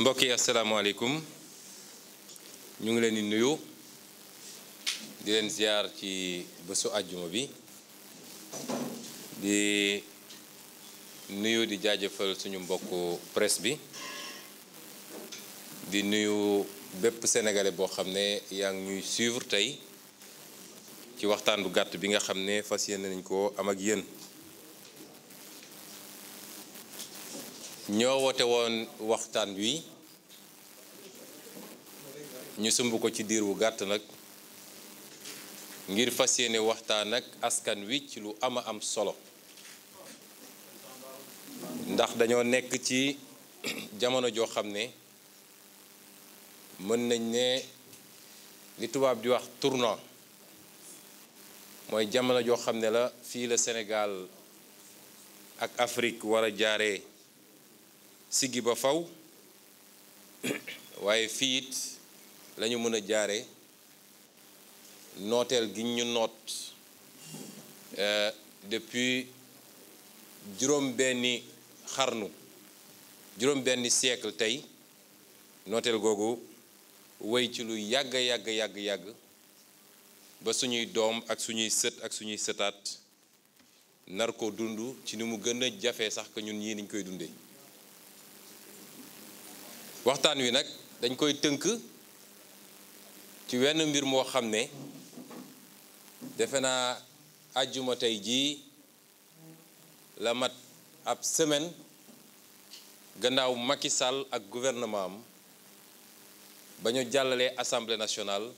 mbokk yi asalaamaaleykum ñu ngi leen di nuyu di leen ziar ci bésu àjjuma bi di nuyu di jaajëfal suñu mbokku presse bi di nuyu bépp sénégalais boo xam ne yaa ngi ñuy suivre tey ci waxtaan bu gàtt bi nga xam ne fas yéene nañ ko am ak yéen. ñoo woote woon waxtaan wi ñu sumb ko ci diir wu gàtt nag ngir fas yéene waxtaan ak askan wi ci lu ama am solo ndax dañoo nekk ci jamono joo xam ne mën nañ ne li tubaab di wax tournant mooy jamono joo xam ne la fii la Sénégal ak Afrique war a jaaree siggi ba faw waaye fii it la mën a jaare nooteel gi ñu noot euh, depuis juróom benni xarnu juróom benni siècle tey nooteel googu wéy ci lu yàgg yàgg yàgg yàgg ba suñuy doom ak suñuy sët ak suñuy sëtaat nar ko dund ci ni mu gën a jafe sax que ñun ñii dañ koy dundee waxtaan wi nag dañ koy tënk ci wenn mbir moo xam ne defe naa àjjuma tey jii la mat ab semaine gannaaw Macky Sall ak gouvernement am bañu jàllalee assemblée nationale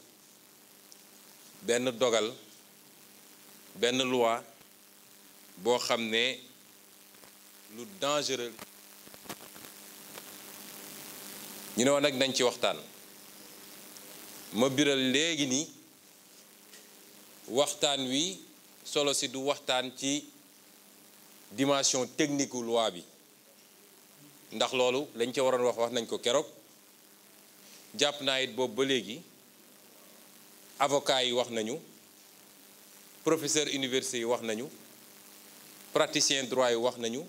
benn dogal benn loi boo xam ne lu dangereux ñu ne woon nag nañ ci waxtaan ma biral léegi ni waxtaan wi solo si du waxtaan ci dimension technique u loi bi ndax loolu lañ ca waroon wax wax nañ ko keroog jàpp naa it boobu ba léegi avocat yi wax nañu professeur université yi wax nañu praticien droit yi wax nañu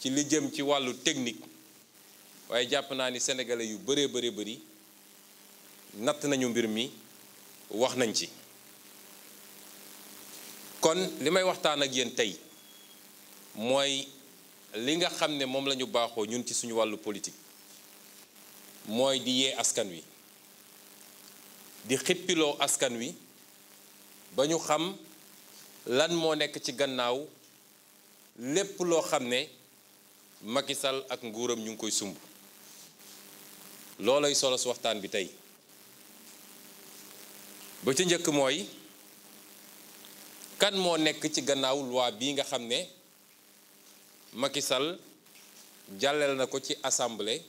ci li jëm ci wàllu technique waaye jàpp naa ni sénégalais yu bëree bëri bëri natt nañu mbir mi wax nañ ci kon li may waxtaan ak yéen tey mooy li nga xam ne moom lañu baaxoo ñun ci suñu wàllu politique mooy di yee askan wi di xippiloo askan wi ba ñu xam lan moo nekk ci gannaaw lépp loo xam ne Macky Sall ak nguuram ñu ngi koy sumb loolay solo su waxtaan bi tey ba ca njëkk mooy kan moo nekk ci gannaaw loi bii nga xam ne makisal Sall na ko ci assemblée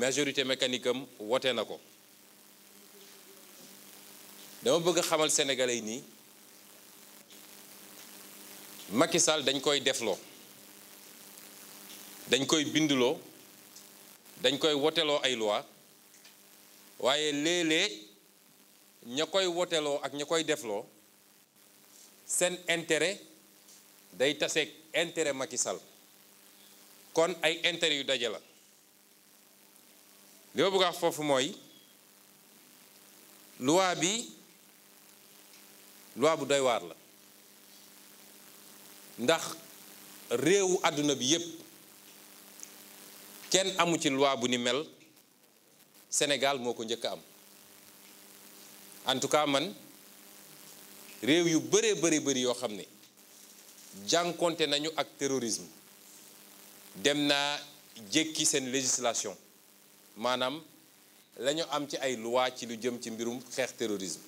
majorité mécanique am na ko dama bëgg xamal sénégalais yi nii Macky dañ koy defloo dañ koy binduloo dañ koy woteloo ay loi waaye léeg-léeg ña koy woteloo ak ña koy defloo seen intérêt day taseeg intérêt Macky Sall kon ay intérêt yu daje la li ma bëgg foofu mooy loi bi loi bu doy waar la ndax réewu àdduna bi yépp kenn amu ci loi bu ni mel Sénégal moo ko njëkk am en tout cas man réew yu bëree bëri bëri yoo xam ne jànkonte nañu ak terrorisme dem naa jékki seen législation maanaam la am ci ay loi ci lu jëm ci mbirum xeex terrorisme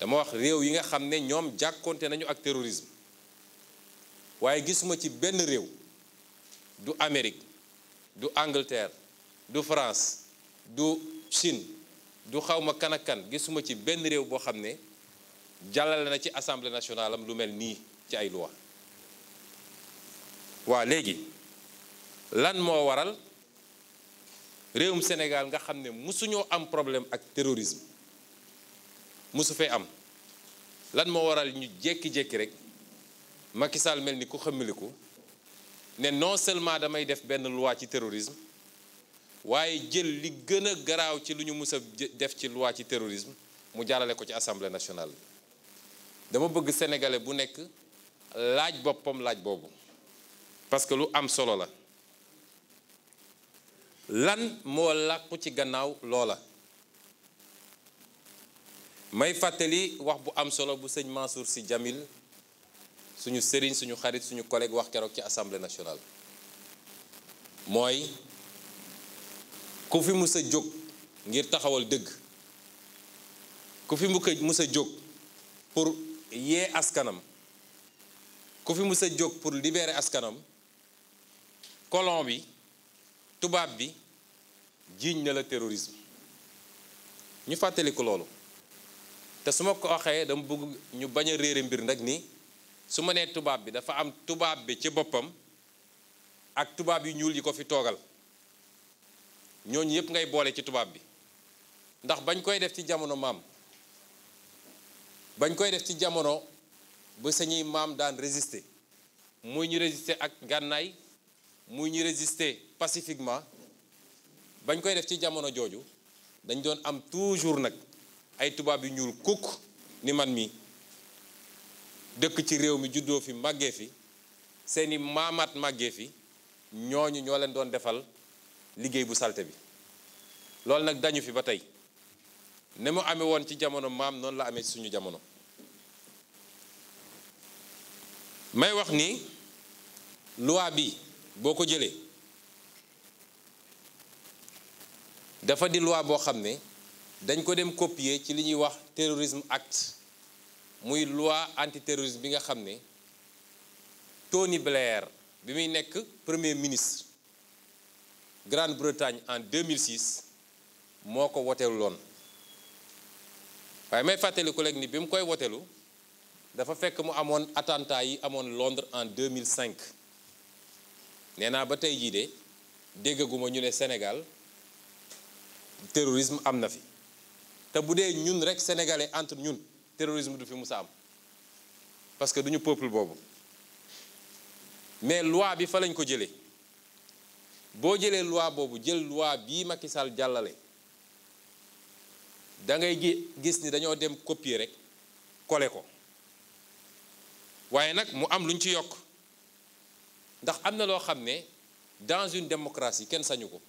dama wax réew yi nga xam ne ñoom jànkonte nañu ak terrorisme waaye gisuma ci benn réew du Amérique du Angleterre du France du Chine du xawma kanakan gisuma ci benn réew boo xam ne jàllale na ci assemblée nationale am lu mel nii ci ay loi waa léegi lan moo waral réewum Sénégal nga xam ne musuñoo am problème ak terrorisme musu fee am lan moo waral ñu jékki-jékki rek Macky Sall mel ni ku xëmmiliku ne non seulement damay def benn loi ci terrorisme waaye jël li gën a garaaw ci lu ñu mus a def ci loi ci terrorisme mu jaarale ko ci assemblée nationale dama bëgg sénégalais bu nekk laaj boppam laaj boobu parce que lu am solo la lan moo làqu ci gannaaw loola may fàttali wax bu am solo bu sëñ Mansour si Djamil suñu sëriñ suñu xarit suñu collègue wax keroog ci assemblée nationale mooy ku fi mus a jóg ngir taxawal dëgg ku fi mu ko a jóg pour yee askanam ku fi mus a jóg pour libérer askanam colon bi tubaab bi jiiñ na la terrorisme ñu fàttaliku loolu te su ma ko waxee dama bëgg ñu bañ a réere mbir nag ni su ma nee tubaab bi dafa am tubaab bi ci boppam ak tubaab yu ñuul yi ko fi toogal ñooñu yëpp ngay boole ci tubaab bi ndax bañ koy def ci jamono maam bañ koy def ci jamono ba sañuy maam daan résisté muy ñu résister ak gànnaay muy ñu résisté pacifiquement bañ koy def ci jamono jooju dañ doon am toujours nag ay tubaab yu ñuul kukk ni man mi dëkk ci réew mi juddoo fi màggee fi seeni maamaat màggee fi ñooñu ñoo leen doon defal liggéey bu salte bi loolu nag dañu fi ba tey ne mu amee woon ci jamono maam noonu la amee suñu jamono may wax ni loi bi boo ko jëlee dafa di loi boo xam ne dañ ko dem copier ci li ñuy wax terrorisme act muy loi antiterroriste bi nga xam ne Tony Blair bi muy nekk premier ministre Grande-Bretagne en 2006 moo ko woteelu loon waaye may fàttali collègue ni bi mu koy wotelu dafa fekk mu amoon attentat yi amoon Londres en 2005 nee naa ba tey jii de déggaguma ñu ne senegal terrorisme am na fi te bu dee ñun rek sénégalais entre ñun terrorisme du fi musa am parce que duñu peuple boobu mais loi bi fa lañ ko jële boo jëlee loi boobu jël loi bii Macky Sall jàllale da ngay gis ni dañoo dem copier rek kole ko waaye nag mu am luñ ci yokk ndax am na loo xam ne dans une démocratie kenn sañu ko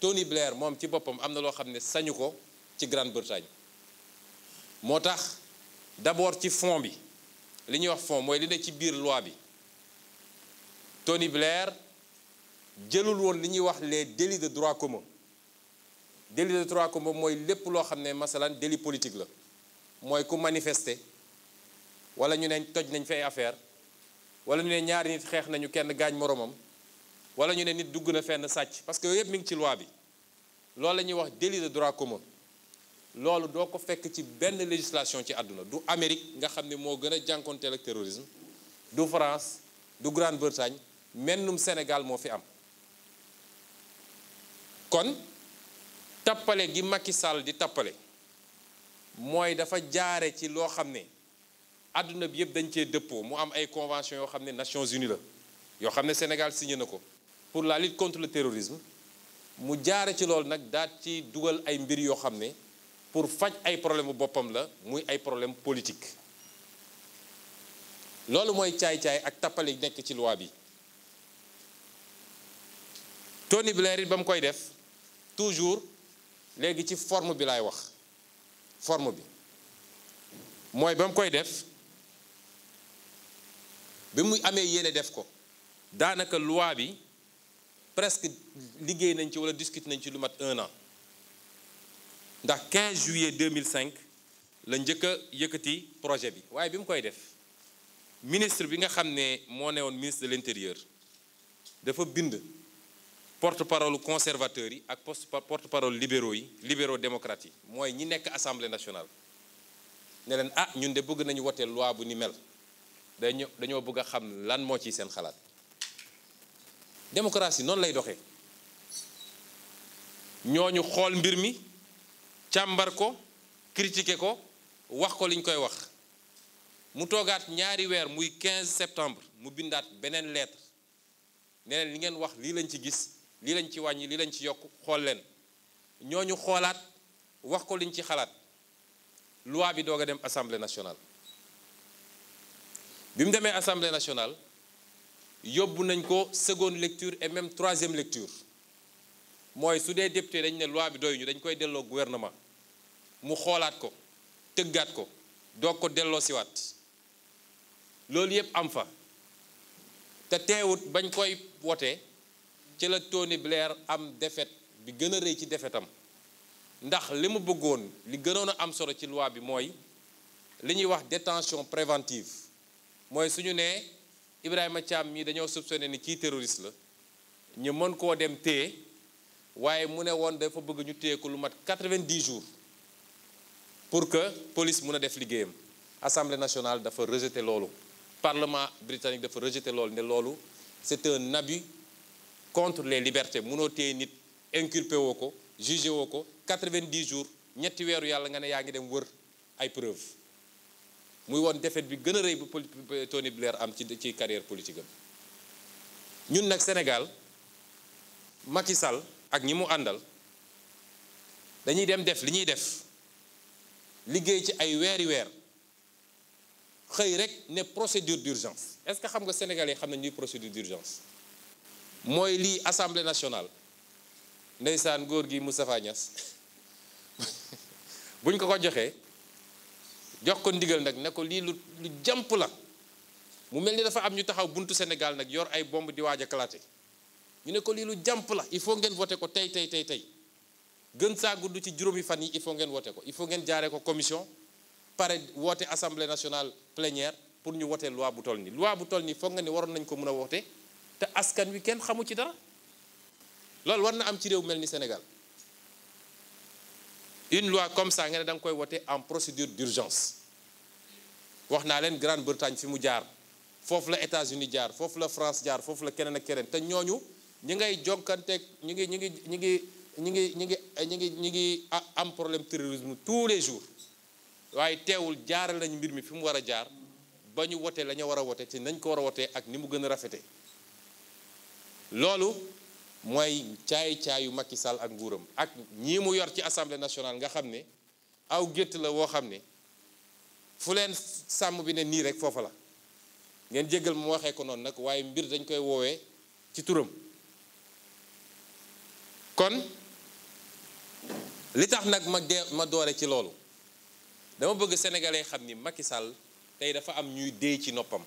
Tony Blair moom ci boppam am na loo xam ne sañu ko ci Grande-Bretagne moo tax d'abord ci fond bi li ñuy wax fond mooy li ne ci biir loi bi Tony Blair jëlul woon li ñuy wax les délits de droit commun délit de droit commun mooy lépp loo xam ne masalan délit politique la mooy ku manifester wala ñu ne toj nañ fay affaire wala ñu ne ñaari nit xeex nañu kenn gaañ moromam wala ñu ne nit dugg na fenn sàcc parce que yooyu yëpp mi ngi ci loi bi loolu la ñuy wax délit de droit commun loolu doo ko fekk ci benn législation ci àdduna du Amérique nga xam ne moo gën a jànkonteel ak terrorisme du France du Grande-Bretagne mennum Sénégal moo fi am kon tappale gi Macky Sall di tappale mooy dafa jaare ci loo xam ne àdduna bi yëpp dañ cee dëppoo mu am ay convention yoo xam ne Nations Unies la yoo xam ne Sénégal signé na ko pour la lit contre le terrorisme mu jaare ci loolu nag daat ci dugal ay mbir yoo xam ne pour faj ay problème bu boppam la muy ay problème politique loolu mooy caay-caay ak tappale yi nekk ci loi bi Tony Blair it ba mu koy def toujours léegi ci forme bi laay wax forme bi mooy ba mu koy def bi mu amee yéene def ko daanaka loi bi presque liggéey nañ ci wala discuter nañ ci lu mat un an ndax 15 juillet 2005 la njëkk a yëkkati projet bi waaye bi mu koy def ministre bi nga xam ne moo newoon ministre de l'intérieur dafa bind porte-parole conservateurs yi ak post porte-parole libéraux yi libéraux démocrates yi mooy ñi nekk assemblée nationale ne leen ah ñun de bëgg nañu wote loi bu ni mel dañu dañoo bëgg a xam lan moo ci seen xalaat démocratie noonu lay doxee ñooñu xool mbir mi càmbar ko critiquer ko wax ko liñ koy wax mu toogaat ñaari weer muy 15 septembre mu bindaat beneen lettre ne li ngeen wax lii lañ ci gis lii lañ ci wàññi lii lañ ci yokk xool leen ñoo ñu xoolaat wax ko liñ ci xalaat luwaa bi doog a dem assemblée nationale. bi mu demee assemblée nationale yóbbu nañ ko seconde lecture et même troisième lecture mooy su dee député dañ ne loi bi doy ñu dañ koy delloo gouvernement. mu xoolaat ko tëggaat ko doo ko delloosiwaat loolu yëpp am fa te teewut bañ koy wote ci la Tony Blair am defet bi gën a rëy ci defetam ndax li mu bëggoon li gënoon a am solo ci loi bi mooy li ñuy wax détention préventive mooy suñu ne Ibrahima Thiam mii dañoo soupçonné ni kii terroriste la ñu mën koo dem téye waaye mu ne woon dafa bëgg ñu téye ko lu mat 90 jours pour que police mun a def liggéeyam assemblée nationale dafa rejeter loolu parlement britannique dafa rejeter loolu ne loolu c'est un abus contre les libertés munoo téye nit inculpé woo ko jugé woo ko 90 jours ñetti weeru yàlla nga ne yaa ngi dem wër ay preuve muy woon défaite bi gën a rëy bu Tony am ci ci carrière politique am ñun nag Sénégal Macky ak ñi mu àndal dañuy dem def li ñuy def liggéey ci ay weeri weer xëy rek ne procédure d'urgence est-ce que xam nga sénégalais xam nañu ñuy procédure d'urgence mooy lii assemblée nationale ndeysaan góor gi Moustapha Niass buñ ko ko joxee jox ko ndigal nag ne ko lii lu lu jàmp la mu mel ni dafa am ñu taxaw buntu Sénégal nag yor ay bomb di waaj a kalaate ñu ne ko lii lu jàmp la il faut ngeen voté ko tey tey tey tey gën saa gudd ci juróomi fan yi il faut ngeen woote ko il faut ngeen jaaree ko commission pare woote assemblée nationale plénière pour ñu wotee loi bu toll nii loi bu toll nii foog nga ne waroon nañ ko mën a woote te askan wi kenn xamu ci dara loolu war na am ci réew mel ni Sénégal une loi comme ça nga ne da nga koy wote en procédure d'urgence wax naa leen Grande-Bretagne fi mu jaar foofu la États-Unis jaar foofu la France jaar foofu la keneen ak keneen te ñooñu ñi ñi ngi ñi ngi ñi ngi ñi ngi am problème terrorisme tous les jours waaye teewul jaaral nañu mbir mi fi mu war a jaar ba ñu wote la ñu war a wote te nañ ko war a wotee ak ni mu gën a rafete loolu mooy caay-caayu Macky Sall ak nguuram ak ñii mu yor ci assemblée nationale nga xam ne aw gétt la woo xam ne fu leen sàmm bi ne nii rek foofa la ngeen jéggal mu waxee ko noonu nag waaye mbir dañ koy woowee ci turam kon li tax nag ma de ma doore ci loolu dama bëgg sénégalais xam ni Macky Sall tey dafa am ñuy dee ci noppam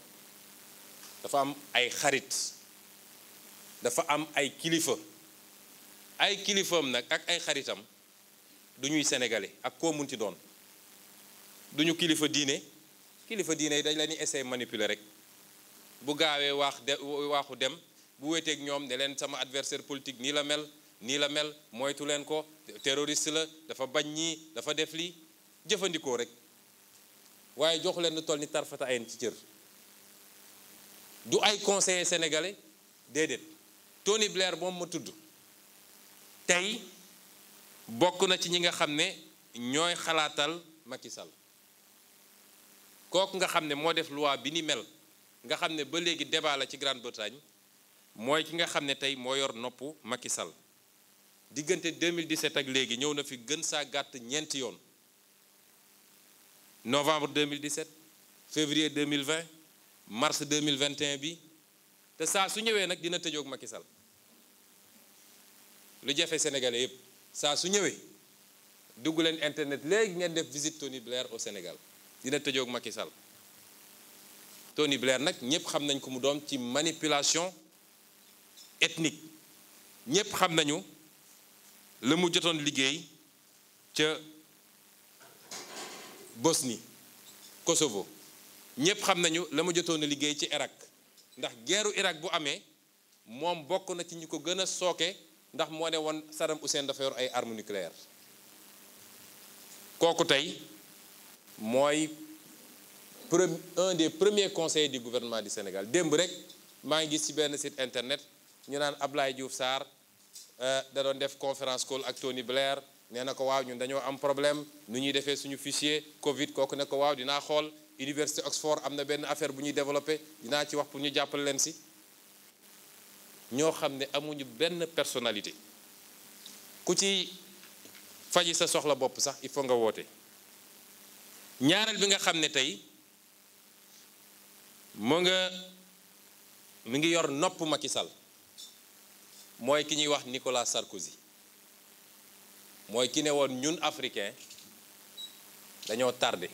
dafa am ay xarit dafa am ay kilifa ay kilifaam nag ak ay xaritam du ñuy sénégalais ak koo munti doon duñu kilifa diine kilifa diine yi dañ leen di essayer manipuler rek bu gaawee waax de waaxu dem bu wéeteeg ñoom ne leen sama adversaire politique nii la mel nii la mel moytu leen ko terroriste la dafa bañ ñi dafa def lii jëfandikoo rek waaye joxu leen lu toll ni tarfata ayen ci cër du ay conseiller sénégalais déedéet Tony Blair moom ma tudd tey bokk na ci ñi nga xam ne ñooy xalaatal makisal Sall kooku nga xam ne moo def loi bi ni mel nga xam ne ba léegi débat la ci Grande-Bretagne mooy ki nga xam ne tey moo yor noppu makisal diggante deux mille 2017 ak léegi ñëw na fi gën saa gàtt ñeenti yoon novembre mille 2017 février 2020 mars 2021 bi te saa su ñëwee nag dina tëjoog Macky Sall lu jafe sénégalais yëpp saa su ñëwee dugg leen internet léegi ngeen def visite Tony Blair au Sénégal dina tëjoog Macky Sall Tony Blair nag ñëpp xam nañ ko mu doon ci manipulation ethnique ñëpp xam nañu la mu jotoon liggéey ca Bosnie Kosovo ñëpp xam nañu la mu jotoon liggéey ci Irak ndax geeru Irak bu amee moom bokk na ci ñu ko gën a sooke ndax moo ne woon Saddam Hussein dafa yor ay armes nucléaires kooku tey mooy premier un des premiers conseillers du gouvernement du Sénégal démb rek maa ngi gis ci benn site internet ñu naan Ablaye Diouf Sarr Euh, da doon def conférence call ak Tony Blair nee na ko waaw ñun dañoo am problème nu ñuy defee suñu fichier Covid kooku ne ko waaw dinaa xool université Oxford am na benn affaire bu ñuy développé dinaa ci wax pour ñu jàppale leen si ñoo xam ne amuñu benn personnalité ku ci faji sa soxla bopp sax il faut nga woote ñaareel bi nga xam ne tey mu nga mu ngi yor nopp ci sal mooy ki ñuy wax Nicolas Sarkozy mooy ki ne woon ñun africain dañoo tardé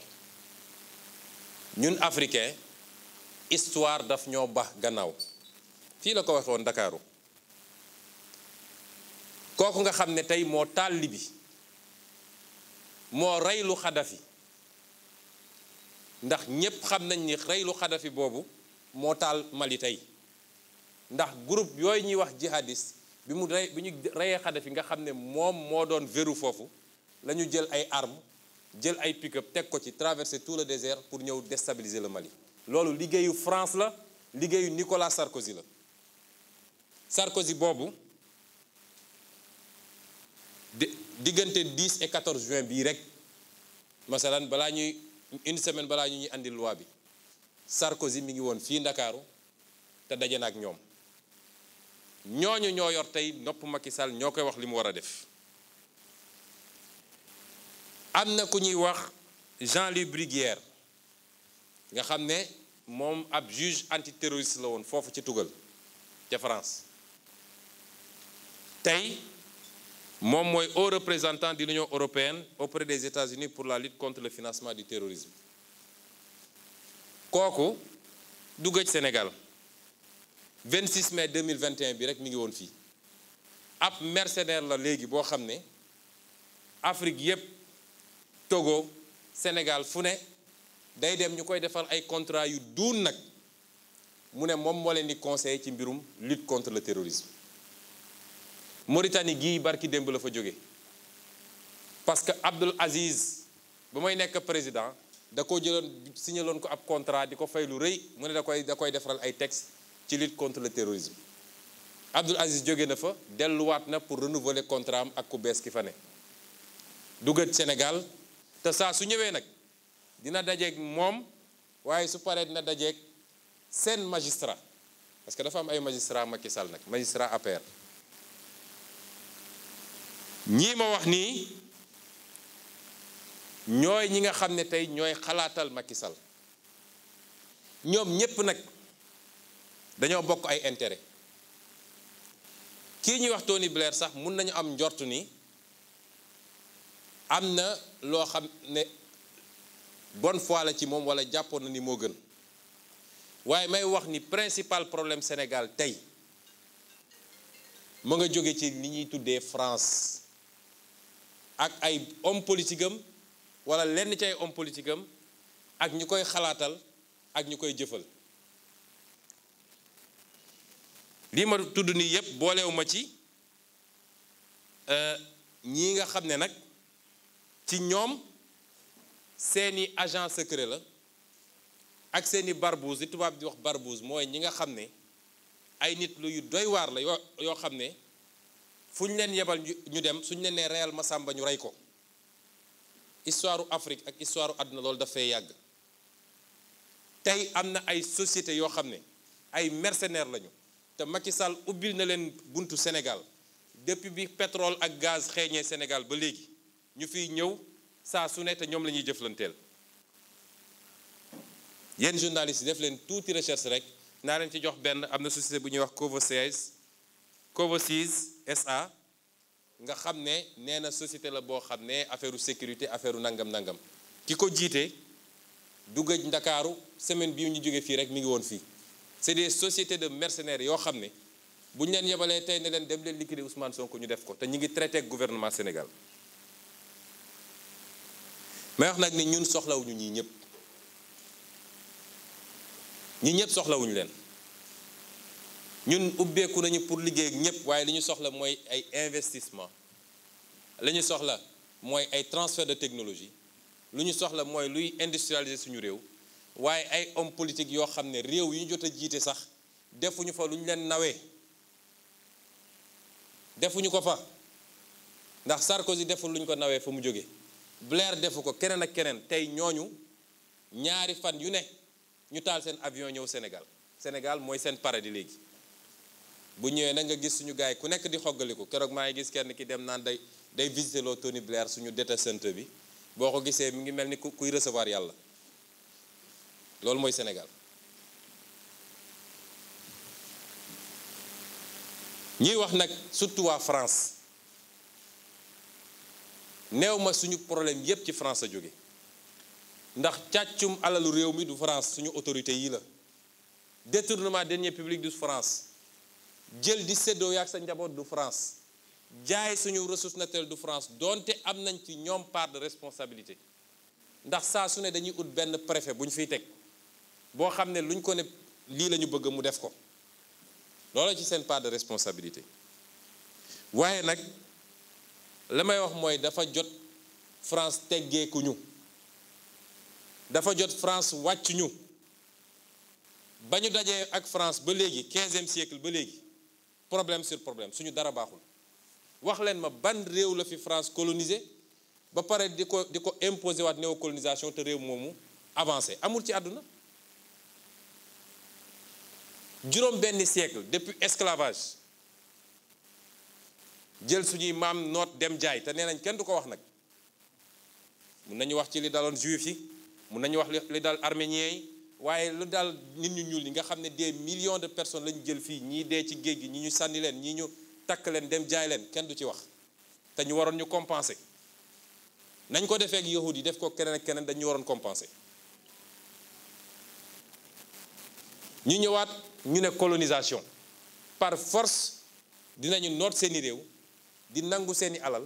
ñun africain histoire daf ñoo bax gannaaw fii la ko waxee Ndakaaru kooku nga xam ne tey moo taal Libi moo reylu Xadafi ndax ñépp xam nañ ni reylu Xadafi boobu moo taal Mali tey ndax groupe yooyu ñuy wax jihadiste bi mu rey bi ñu reyee Kadhafi nga xam ne moom moo doon verrou foofu lañu jël ay arm jël ay pick-up teg ko ci traverser tout le désert pour ñëw déstabiliser le Mali. loolu liggéeyu France la liggéeyu Nicolas Sarkozy la Sarkozy boobu diggante 10 et 14 juin bii rek masalan balaa ñuy une semaine balaa ñu ñuy andi loi bi Sarkozy mi ngi woon fii Ndakaaru te daje na ak ñoom. ñooñu ñoo yor tey noppumaki Macky Sall ñoo koy wax li mu war a def am na ku ñuy wax Jean-Louis Bruguière nga xam ne moom ab juge antiterroriste la woon foofu ci tugal ca France tey moom mooy haut représentant de l'Union européenne auprès des États-Unis pour la lutte contre le financement du terrorisme kooku du gëj Sénégal 26 mai 2021 bi rek mi ngi woon fii ab mercenaire la léegi boo xam ne Afrique yépp Togo Sénégal fu ne day dem ñu koy defal ay contrat yu duun nag mu ne moom moo leen di conseiller ci mbirum lutte contre le terrorisme Mauritanie gii barki démb la fa jóge parce que Abdoul Aziz ba may nekk président da ko jëloon signaloon ko ab contrat di ko fay lu rëy mu ne da koy da koy defaral ay texte ci lutte contre le terrorisme Abdoul Aziz jóge na fa delluwaat na pour renouveler contrat am ak ku bees ki fa ne duggat Sénégal te saa su ñëwee nag dina dajeek moom waaye su paree dina dajeek seen magistrat parce que dafa am ay magistrat Macky Sall nag magistrat APR ñii ma wax nii ñooy ñi nga xam ne tey ñooy xalaatal Macky Sall ñoom ñépp nag dañoo bokk ay intérêt kii ñuy wax Tony Blair sax mun nañu am njort ni am na loo xam ne bon foi la ci moom wala jàppoon na ni moo gën waaye may wax ni principal problème Sénégal tey mu nga jóge ci li ñuy tuddee France ak ay homme politique am wala lenn ci ay homme politique ak ñu koy xalaatal ak ñu koy jëfal lii ma tudd nii yëpp booleewu ma ci euh, ñii nga xam ne nag ci ñoom seeni agent secret la ak seeni barbouze li tubaab di wax barbouze mooy ñi nga xam ne ay nit lu yu doy waar la yoo xam ne fu ñu leen yebal ñu dem suñu leen nee reyal Masamba ñu rey ko histoire Afrique ak histoire àdduna loolu dafay yàgg tey am na ay société yoo xam ne ay mercenaires lañu te Macky ubbil na leen buntu Sénégal depuis bi pétrole ak gaz xeeñee Sénégal ba léegi ñu fiy ñëw saa su ne te ñoom la ñuy jëflanteel yéen journalistes yi def leen tuuti recherche rek naa leen ci jox benn am na société bu ñuy wax Covosies Covosies SA nga xam ne nee na société la boo xam ne affaire sécurité affaire nangam nangam ki ko jiite dugg Ndakaaru semaine bi ñu jóge fii rek mi ngi woon fii c'est des société de mercenaires yoo xam ne bu ñu leen yebalee tey ne leen dem leen liquider Ousmane Sonko ñu def ko te ñu ngi traité ak gouvernement Sénégal may wax nag ni ñun soxlawuñu ñii ñëpp ñi ñëpp soxlawuñu leen ñun ubbeeku nañu pour liggéey ak ñëpp waaye li ñu soxla mooy ay investissement li ñu soxla mooy ay transfert de technologie lu ñu soxla mooy luy industrialiser suñu réew waaye ay homme politique yoo xam ne réew yi ñu jot a jiite sax defuñu fa lu ñu leen nawee defuñu ko fa ndax Sarkozy deful lu ñu ko nawee fa mu jóge Blair defu ko keneen ak keneen tey ñooñu ñaari fan yu ne ñu taal seen avion ñëw Sénégal Sénégal mooy seen paradis léegi bu ñëwee nag nga gis suñu gaay yi ku nekk di xoggaliku keroog maa ngi gis kenn ki dem naan day day visité loo Tony Blair suñu déta sent bi boo ko gisee mi ngi mel ni kuy recevoir yàlla loolu mooy Sénégal ñuy wax nag surtout waa France neew ma suñu problème yépp ci France a jóge ndax càccum alalu réew mi du France suñu autorité yi la détournement deniers publics du France jël di séddoo yaag sa njaboot du France jaay suñu ressource naturelle du France donte am nañ ci ñoom part de responsabilité ndax saa su ne dañuy ut benn préfet bu ñu fiy teg boo xam ne lu luñ ko ne lii la ñu bëgg mu def ko loolu ci seen part de responsabilité waaye nag la may wax mooy dafa jot France teggeekuñu dafa jot France wàcc ñu ba ñu dajee ak France ba léegi quinzième siècle ba léegi problème sur problème suñu dara baaxul wax leen ma ban réew la fi France coloniser ba pare di ko di ko imposer waat colonisation te réew moomu avancé amul ci àdduna juróom benn siècle depuis esclavage jël suñuy maam noot dem jaay te nee nañ kenn du ko wax nag mun nañu wax ci li daloon juif yi mun nañu wax li dal arméniens yi waaye lu dal nit ñu ñuul yi nga xam ne des million de personnes lañu jël fii ñii dee ci géej gi ñi ñu sànni leen ñi ñu takk leen dem jaay leen kenn du ci wax te ñu waroon ñu compenser nañ ko defee ak yahud yi def ko keneen ak keneen dañu waroon compenser ñu ñëwaat ñu ne colonisation par force dinañu noot seeni réew di nangu seeni alal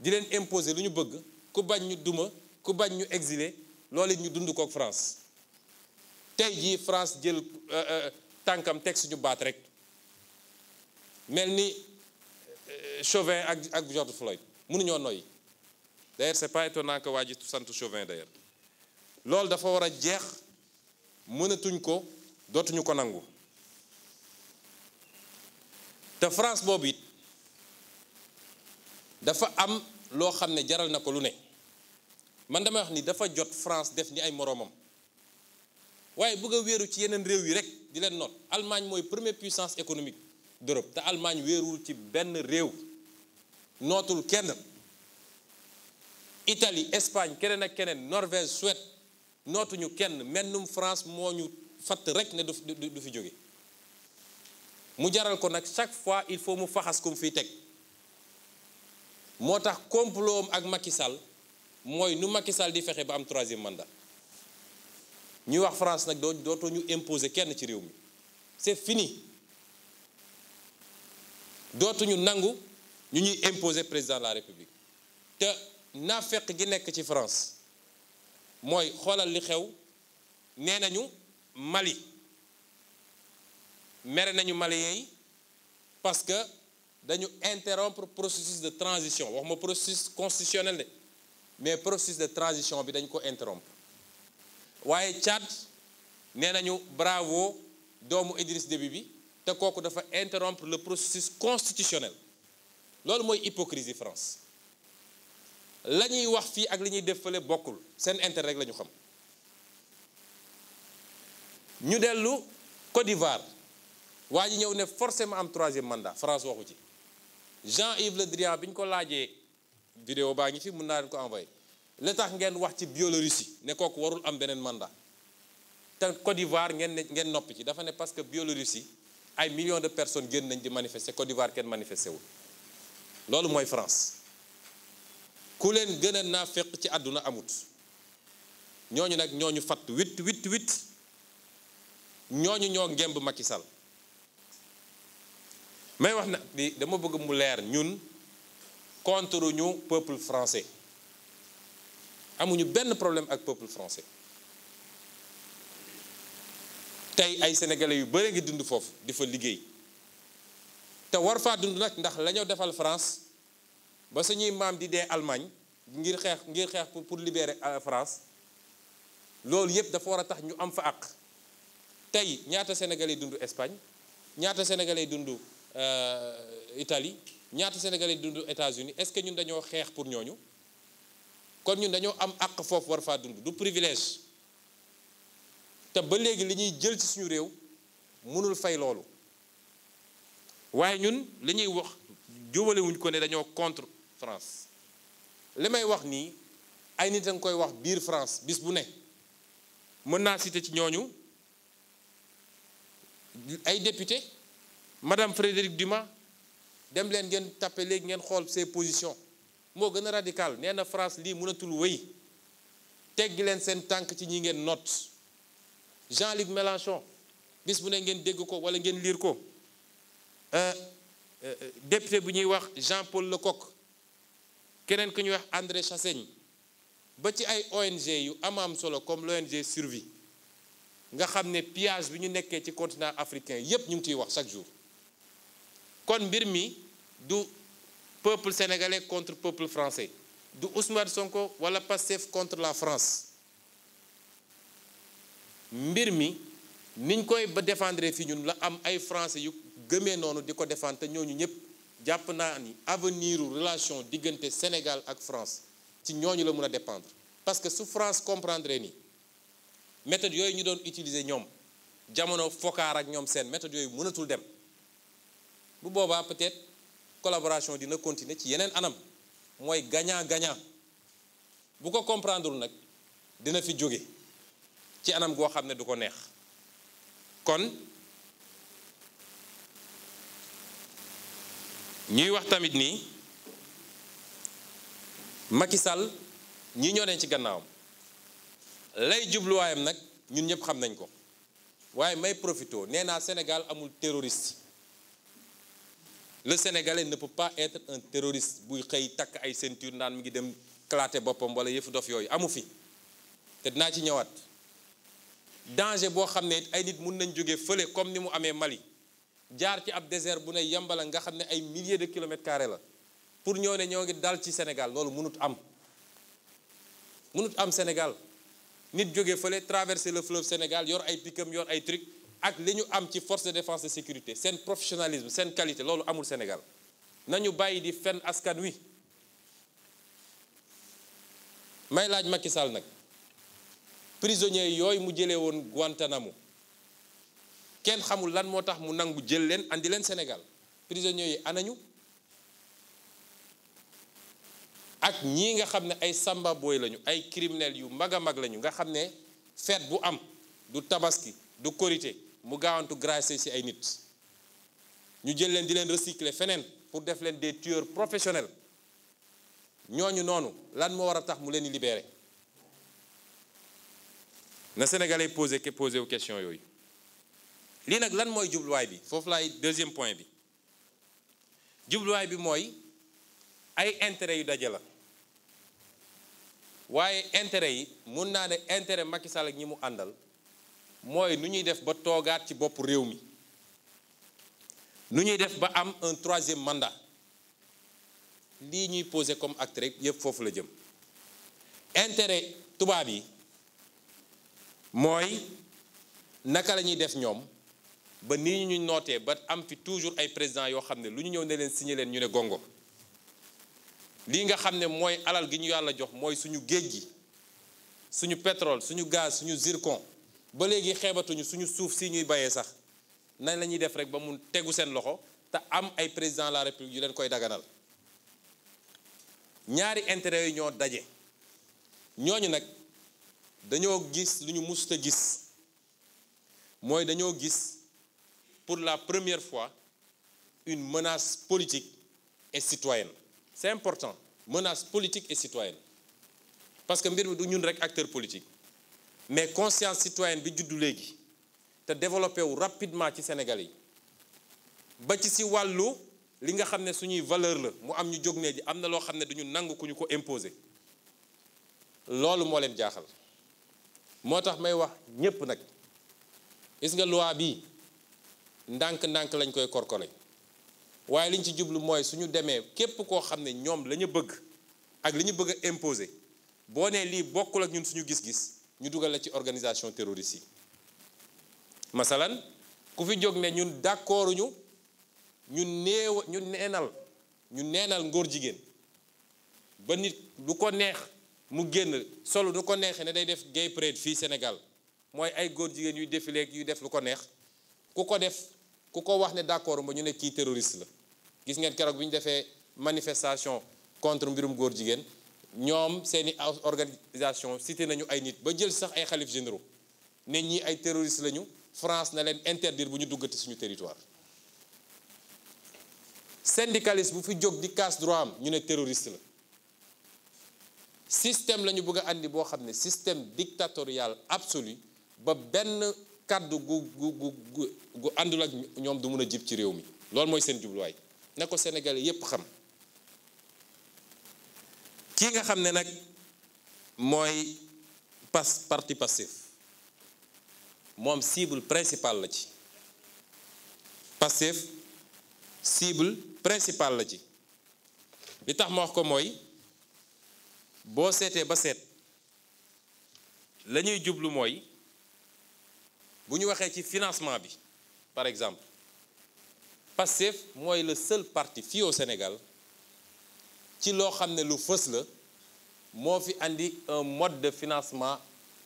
di leen imposer lu ñu bëgg ku bañ ñu duma ku bañ ñu exiler loolu it ñu dund kook France tey jii France jël euh, euh, tànkam teg suñu baat rek mel ni euh, Chauvin ak ak George Floyd mënuñoo noyyi d'ailleurs c'est pas étonnant waa ji sant Chauvin d'ailleurs loolu dafa war a jeex mënatuñ ko dootuñu ko nangu te France boobu it dafa am loo xam ne jaral na ko lu ne man damay wax ni dafa jot France def ni ay moroomam waaye bëgg a wéeru ci yeneen réew yi rek di leen noot Allemagne mooy première puissance économique d'Europe te Allemagne wéerul ci benn réew nootul kenn itali Espagne keneen ak keneen Norvège Suède nootuñu kenn mennum France moo ñu fatt rek ne du du fi jóge mu jaral ko nag chaque fois il faut mu faxas ko mu fiy teg moo tax complot ak Macky mooy nu Macky Sall di fexe ba am troisième mandat ñuy wax France nag doo dootoo ñu kenn ci réew mi c'est fini dootuñu nangu ñu ñuy imposer président la république te naafeq gi nekk ci France mooy xoolal li xew nee nañu Mali mere nañu maliens yi parce que dañu interrompre processus de transition ma processus constitutionnel de mais processus de transition bi dañ ko interrompre waaye Tchad nee nañu bravo doomu Idriss Déby bi te kooku dafa interrompre le processus constitutionnel loolu mooy hypocrisie France la ñuy wax fii ak li ñuy def fële bokkul seen intérêt rek la xam ñu dellu Côte d'Ivoire waa ji ñëw ne forcément am troisième mandat France waxu ci Jean-Yves Le Drian bi ñu ko laajee vidéo baa ngi fi mun naa leen ko envoyé la tax ngeen wax ci yi ne kooku warul am beneen mandat te Côte d'Ivoire ngeen ne ngeen noppi ci dafa ne parce que Biélorussie ay millions de personnes génn nañ di manifester Côte d'Ivoire kenn manifesté wul loolu mooy France ku leen gën a naafeq ci àdduna amut ñooñu nag ñooñu fatt wit wit wit ñooñu ñoo ngemb Macky Sall may wax na di dama bëgg mu leer ñun contre ñu peuple français amuñu benn problème ak peuple français tey ay sénégalais yu bëre ngi dund foofu di fa liggéey te war faa dund nag ndax la defal France ba suñuy maam di dee Allemagne ngir xeex ngir xeex pour pour libérer euh, France loolu yëpp dafa war a tax ñu am fa àq tey ñaata sénégalais dund Espagne ñaata sénégalais dund euh, itali ñaata sénégalais dundu États-Unis est-ce que ñun dañoo xeex pour ñooñu kon ñun dañoo am àq foofu war fa dund du privilège te ba léegi li ñuy jël ci suñu réew mënul fay loolu waaye ñun li ñuy wax jubalewuñ ko ne dañoo contre France li may wax nii ay nit a nga koy wax biir France bis bu ne mën naa citer ci ñooñu ay député madame Frédérique Dumas dem leen ngeen tappe léegi ngeen xool ses position moo gën a radical nee na France lii mënatul wéy teggi leen seen tànk ci ñi ngeen noot Jean-Luc Mélenchon bis bu ne ngeen dégg ko wala ngeen liir ko euh, euh, euh, député bu ñuy wax Jean-Paul Lecoq keneen ki ñuy wax André Chassaigne ba ci ay ONG yu am am solo comme l'ONG Survie nga xam ne pillage bi ñu nekkee ci continent africain yépp ñu ngi ciy wax chaque jour kon mbir mi du peuple sénégalais contre peuple français du Ousmane Sonko wala Pastef contre la France mbir mi niñ koy ba défendre fi ñun la am ay français yu gëmee noonu di ko défendre te ñooñu ñëpp jàpp naa ni avenir relation diggante Sénégal ak France ci ñooñu la mën a dépendre parce que su France comprendre ni méthode yooyu ñu doon utiliser ñoom jamono fokaar ak ñoom seen métode yooyu mënatul dem bu boobaa peut-être collaboration dina continuer ci yeneen anam mooy gagnant gagnant bu ko comprendre nag dina fi jóge ci anam goo xam ne du ko neex kon ñuy wax tamit nii Macky Sall ñi ñoo ne ci gannaawam lay jubluwaayam nag ñun ñëpp xam nañ ko waaye may profito nee naa Sénégal amul terroriste le Sénégalais ne peut pas être un terroriste buy xëy takk ay ceinture naan mi ngi dem claté boppam wala yëfu dof yooyu amu fi te dinaa ci ñëwaat danger boo xam ne ay nit mun nañ jóge fële comme ni mu amee Mali jaar ci ab désert bu ne yembala nga xam ne ay milliers de kilomètres carrés la pour ñëw ne ñoo ngi dal ci Sénégal loolu munut am mënut am Sénégal nit jóge fële traverser le fleuve Sénégal yor ay pickam yor ay truc ak li ñu am ci force de défense de sécurité seen professionnalisme seen qualité loolu amul Sénégal nañu bàyyi di fenn askan wi may laaj Macky Sall nag prisonniers yooyu mu jëlee woon Guantanamo kenn xamul lan moo tax mu nangu jël leen indi leen Sénégal prisonniers yi anañu ak ñii nga xam ne ay samba booy lañu ay criminels yu mag a mag lañu nga xam ne fête bu am du tabaski du korité mu gaawantu gracier ci ay nit ñu jël leen di leen recycler feneen pour def leen des tueurs professionnels ñooñu noonu lan moo war a tax mu leen di libérer na Sénégalais pose posé wu question yooyu lii nag lan mooy jubluwaay bi foofu laay deuxième point bi jubluwaay bi mooy ay intere yu daje la waaye intérêt yi mun naa ne intérêt Macky Sall ak ñi mu àndal mooy nu ñuy def ba toogaat ci bopp réew mi nu ñuy def ba am un troisième mandat lii ñuy posé comme acte rek yëpp foofu la jëm intérêt tubaab yi mooy naka la ñuy def ñoom ba nii ñu nootee ba am fi toujours ay président yoo xam ne lu ñu ñëw ne leen signé leen ñu ne gongo lii nga xam ne mooy alal gi ñu yàlla jox mooy suñu géej gi suñu pétrole suñu gaz suñu zircon ba léegi xeebatuñu suñu suuf si ñuy bayee sax nañ lañuy def rek ba mun tegu seen loxo te am ay président la république yu leen koy daganal ñaari intérêt yi ñoo daje ñooñu nag dañoo gis lu ñu musta gis mooy dañoo gis pour la première fois une menace politique et citoyenne c'est important menace politique et citoyenne parce que mbir mi du ñun rek acteur politique mais conscience citoyenne bi juddu léegi te développé wu rapidement ci Sénégal yi ba ci si wàllu li nga xam ne suñuy valeur la mu am ñu jóg ne ji am na loo xam ne duñu nangu ku ñu ko imposer loolu moo leen jaaxal moo tax may wax ñépp nag gis nga loi bi ndànk-ndànk lañ koy korkore waaye liñ ci jublu mooy suñu demee képp koo xam ne ñoom lañu bëgg ak li ñu bëgg a imposer boo nee lii bokkul ak ñun suñu gis-gis ñu dugal la ci organisation terroriste yi masalan ku fi jóg ne ñun d'accorduñu ñu néew ñu neenal ñu neenal ngóor jigéen ba nit lu ko neex mu génn solo lu ko neexee ne day def gay parade fii Sénégal mooy ay góor jigéen yuy défilé yuy def lu ko neex ku ko def ku ko wax ne d'accord ma ñu ne kii terroriste la gis ngeen keroog bi ñu defee manifestation contre mbirum góor jigéen ñoom seeni organisation cité nañu ay nit ba jël sax ay xalif généraux ne ñi ay terroriste lañu France na leen interdire bu ñu duggati suñu territoire syndicaliste bu fi jóg di casse droit am ñu ne terroriste la système lañu ñu bëgg a andi boo xam ne système dictatorial absolu ba benn kàddu gu gu gu gu àndul ak ñoom du mun a jib ci réew mi loolu mooy seen jubluwaay na ko sénégalais yépp xam kii nga xam ne nag mooy pas parti Pastef moom cible principale la ci Pastef cible principale la ci li tax ma wax ko mooy boo seetee ba seet la ñuy jublu mooy bu ñu waxee ci financement bi par exemple Pastef mooy le seul parti fii au Sénégal ci loo xam ne lu fës la moo fi indi un mode de financement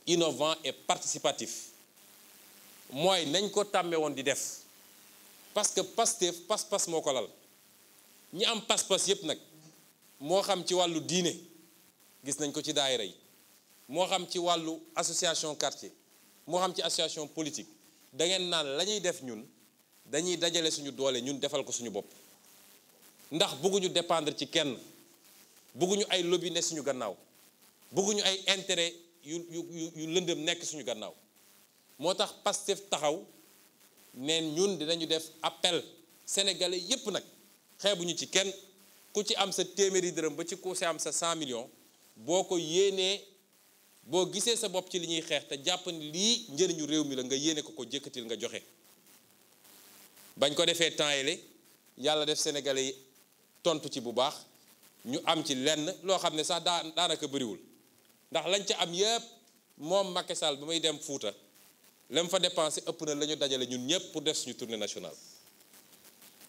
innovant et participatif mooy nañ ko tàmmee woon di def parce que Pastef pas-pas moo ko lal ñi am pas-pas yépp nag moo xam ci wàllu diine gis nañ ko ci daayira yi moo xam ci wàllu association quartier moo xam ci association politique da ngeen naan lañuy def ñun dañuy dajale suñu doole ñun defal ko suñu bopp ndax bëgguñu dépendre ci kenn bëgguñu ay lobby ne suñu gannaaw bëgguñu ay intérêt yu yu yu lëndëm nekk suñu gannaaw moo tax Pastef taxaw neen ñun dinañu def appel sénégalais yépp nag xeebuñu ci kenn ku ci am sa téeméeri dërëm ba ci ku ci am sa 100 millions boo ko yéenee boo gisee sa bopp ci li ñuy xeex te jàpp ni lii njëriñu réew mi la nga yéene ko ko jëkkatil nga joxe bañ ko defee temps yële yàlla def sénégalais yi tontu ci bu baax ñu am ci lenn loo xam ne sax daa daanaka bëriwul ndax lañ ca am yépp moom Macky Sall bu muy dem Fuuta la mu fa dépensé ëpp na la dajale ñun ñëpp pour def suñu tournée nationale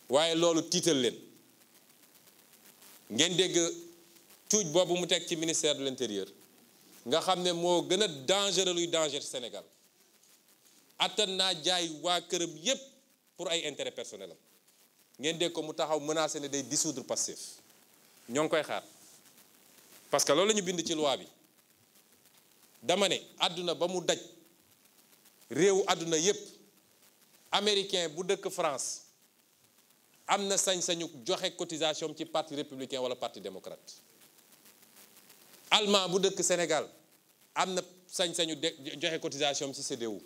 waaye loolu tiital leen ngeen dégg cuuj boobu mu teg ci ministère de l'intérieur nga xam ne moo gën a dangereux luy danger Sénégal attan naa jaay waa këram yépp pour ay intérêt personnel am ngeen de ko mu taxaw menacé ne day dissoudre Pastef ñoo ngi koy xaar parce que loolu la ñu bind ci loi bi dama ne àdduna ba mu daj réew àdduna yépp américain bu dëkk France am na sañ-sañu joxe cotisation ci parti républicain wala parti démocrate allemand bu dëkk Sénégal am na sañ-sañu de joxe cotisation ci CDU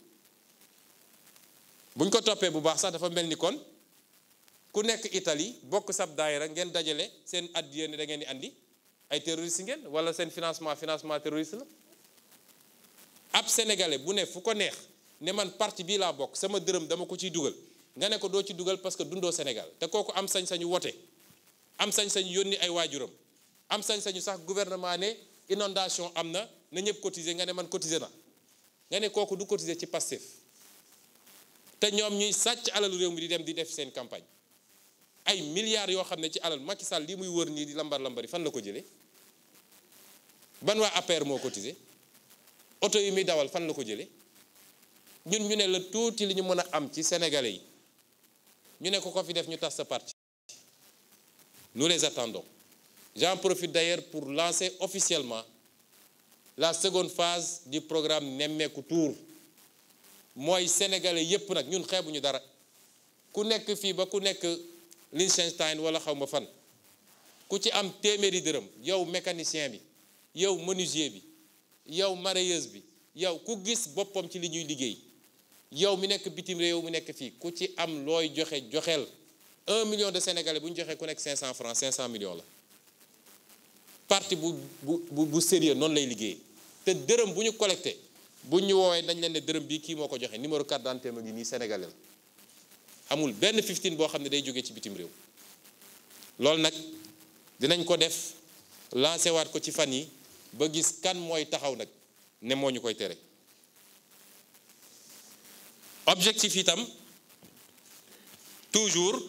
buñ ko toppee bu baax sax dafa mel ni kon ku nekk itali bokk sab daayira ngeen dajale seen addiya ne da ngeen di andi ay terroriste ngeen wala seen financement financement terroriste la ab sénégalais bu ne fu ko neex ne man parti bii laa bokk sama dërëm dama ko ciy dugal nga ne ko doo ci dugal parce que dundoo Sénégal te kooku am sañ-sañu wote am sañ-sañu yónni ay waajuram am sañ-sañu sax gouvernement ne inondation am na na ñëpp cotiser nga ne man cotiser na nga ne kooku du cotiser ci Pastef te ñoom ñuy sàcc alalu réew mi di dem di def seen campagne ay milliards yoo xam ne ci alal Macky Sall lii muy wër nii di lambar lambari fan la ko jëlee ban waa APR moo cotiser oto yi muy dawal fan la ko jëlee ñun ñu ne la tuuti li ñu mën a am ci sénégalais yi ñu ne ko ko fi def ñu tas sa parti. nous les attendons j'en profite d'ailleurs pour lancer officiellement la seconde phase du programme nemmeeku tour mooy sénégalais yépp nag ñun xeebuñu dara ku nekk fii ba ku nekk Liechtenstein wala xaw ma fan ku ci am téeméeri dërëm yow mécanicien bi yow menuisier bi yow marayeuse bi yow ku gis boppam ci li ñuy liggéey yow mi nekk bitim réew mi nekk fii ku ci am looy joxe joxeel un million de sénégalais bu ñu joxee ku nekk 500 la parti bu bu bu sérieux noonu lay liggéey te dërëm bu ñu collecté bu ñu woowee dañ leen ne dërëm bii kii moo ko joxe numéro carte d'identité ma ngi nii sénégalais la amul benn fifteen boo xam ne day jógee ci bitim réew loolu nag dinañ ko def lancé waat ko ci fan yi ba gis kan mooy taxaw nag ne moo ñu koy tere objectif itam toujours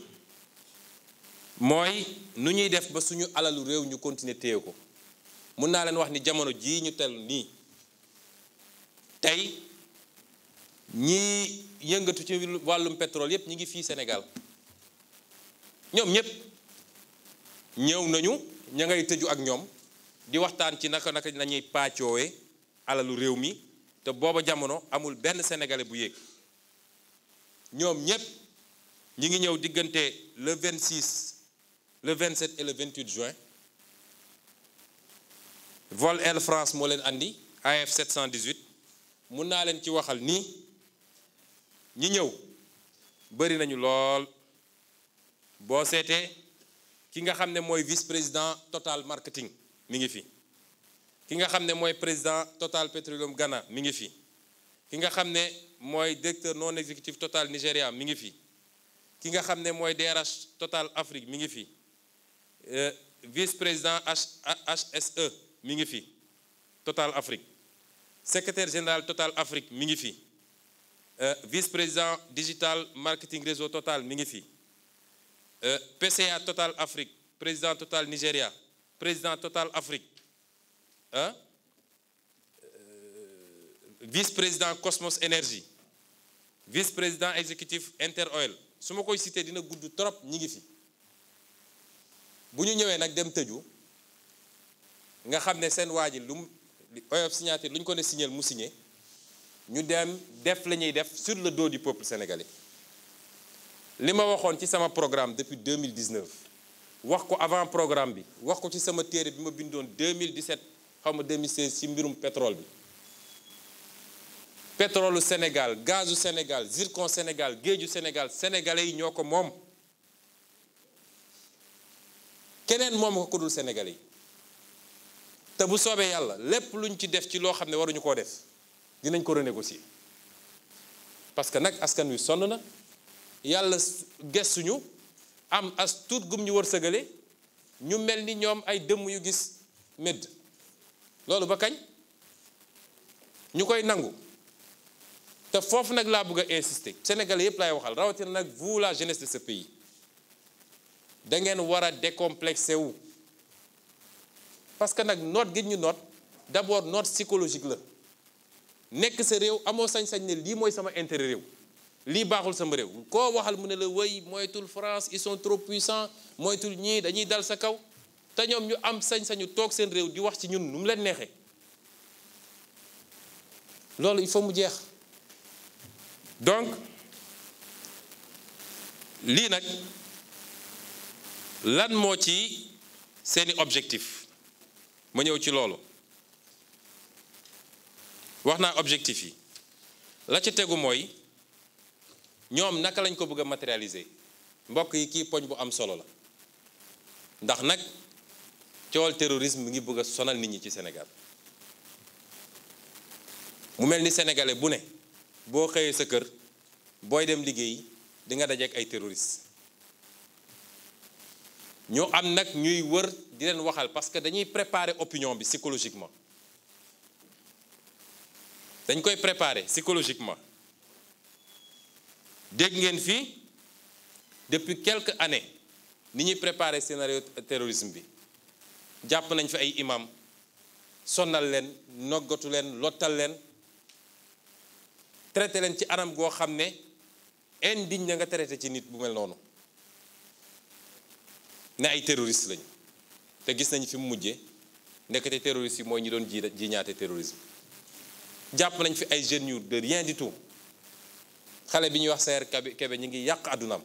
mooy nu ñuy def ba suñu alalu réew ñu continuer téye ko mun naa leen wax ni jamono jii ñu tel nii tey ñii yëngatu ci wàllum pétrole yépp ñi ngi fii senegal ñoom ñépp ñëw nañu ña ngay tëju ak ñoom di waxtaan ci naka naka nañuy pàccoowee alalu réew mi te booba jamono amul benn sénégalais bu yéeg ñoom ñépp ñi ngi ñëw diggante le 26 le 27 et le 28 juin vol Air France moo leen andi AF 718 mun naa leen ci waxal nii ñi ñëw bëri nañu lool boo seetee ki nga xam ne mooy vice président Total marketing mi ngi fi. ki nga xam ne mooy président Total Petroleum Ghana mi ngi fi ki nga xam ne mooy directeur non exécutif Total Nigéria mi ngi fi ki nga xam ne mooy DRH Total Afrique mi ngi fi. Euh, vice-président HSE mi ngi fi Total Afrique secretaire général Total Afrique mi ngi fi euh, vice-président digital marketing réseau Total mi ngi fi euh, PCA Total Afrique président Total Nigeria président Total Afrique ah vice-président Cosmos Energy vice-président exécutif Inter Oil su ma koy cité dina gudd trop ñi ngi fi bu ñu ñëwee nag dem tëju nga xam ne seen waa ji lu mu oyof signature lu ñu ko ne signé mu signé ñu dem def la ñuy def sur le dos du peuple sénégalais li ma waxoon ci sama programme depuis 2019 wax ko avant programme bi wax ko ci sama téere bi ma bindoon 2017 xaw ma 2016 ci mbirum pétrole bi pétrole Sénégal gazu Sénégal zircon Sénégal géeju Sénégal sénégalais yi ñoo ko moom keneen moom ko ku dul yi te bu soobee yàlla lépp lu luñ ci def ci loo xam ne waruñu koo def dinañ ko renégocier parce que nag askan wi sonn na yàlla gestuñu am as tuut gum ñu wërsëgale ñu mel ni ñoom ay dëmm yu gis médd loolu ba kañ ñu koy nangu te foofu nag laa bëgg a insister sénégalais yépp laay waxal rawatina nag vous la jeunesse de ce pays da ngeen war a décomplexé wu parce que nag noot gi ñu noot d'abord noot psychologique la nekk sa réew amoo sañ-sañ ne lii mooy sama intére réew lii baaxul sama réew koo waxal mu ne la wéy moytul France ils sont trop puissants moytul ñii dañuy dal sa kaw te ñoom ñu am sañ-sañu toog seen réew di wax ci ñun nu mu leen neexee loolu il mu jeex donc lii nag lan moo ci seeni objectif ma ñëw ci loolu wax naa objectif yi la ci tegu mooy ñoom naka lañ ko bëgg a matérialiser mbokk yi kii poñ bu am solo la ndax nag coowal terrorisme mu ngi bëgg a sonal nit ñi ci senegal mu mel ni sénégalais bu ne boo xëyee sa kër booy dem liggéey di nga dajeek ay terroristes ñu am nag ñuy wër di leen waxal parce que dañuy préparer opinion bi psychologiquement dañ koy préparer psychologiquement dégg ngeen fii depuis quelque années ni ñuy préparer scénario terrorisme bi jàpp nañ fi ay imam sonnal leen noggatu leen lottal leen traité leen ci anam goo xam ne indigne na nga traité ci nit bu mel noonu ne ay terroriste lañu te gis nañ fi mu mujjee ndekete terroriste yi mooy ñi doon ji ji ñaate terrorisme jàpp nañ fi ay jeunes yu de rien du tout xale bi ñuy wax Saer Kébé ñu ngi yàq àddunaam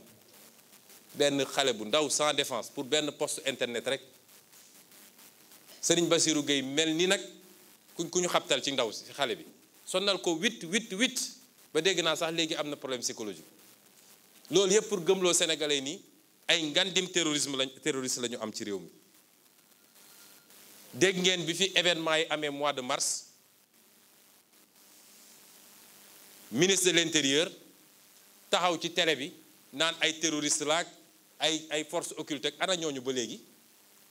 benn xale bu ndaw sans defense pour benn poste internet rek Serigne Bassirou Gueye mel ni nag kuñ ku ñu xabtal ci ndaw si xale bi sonnal ko huit huit huit ba dégg naa sax léegi am na problème psychologique loolu yëpp pour gëmloo sénégalais nii ay ngandim terrorisme lañ terroriste la ñu am ci réew mi dégg ngeen bi fi événement yi amee mois de mars ministre de l'intérieur taxaw ci télé bi naan ay terroriste laak ay ay force occulte ak ana ñooñu ba léegi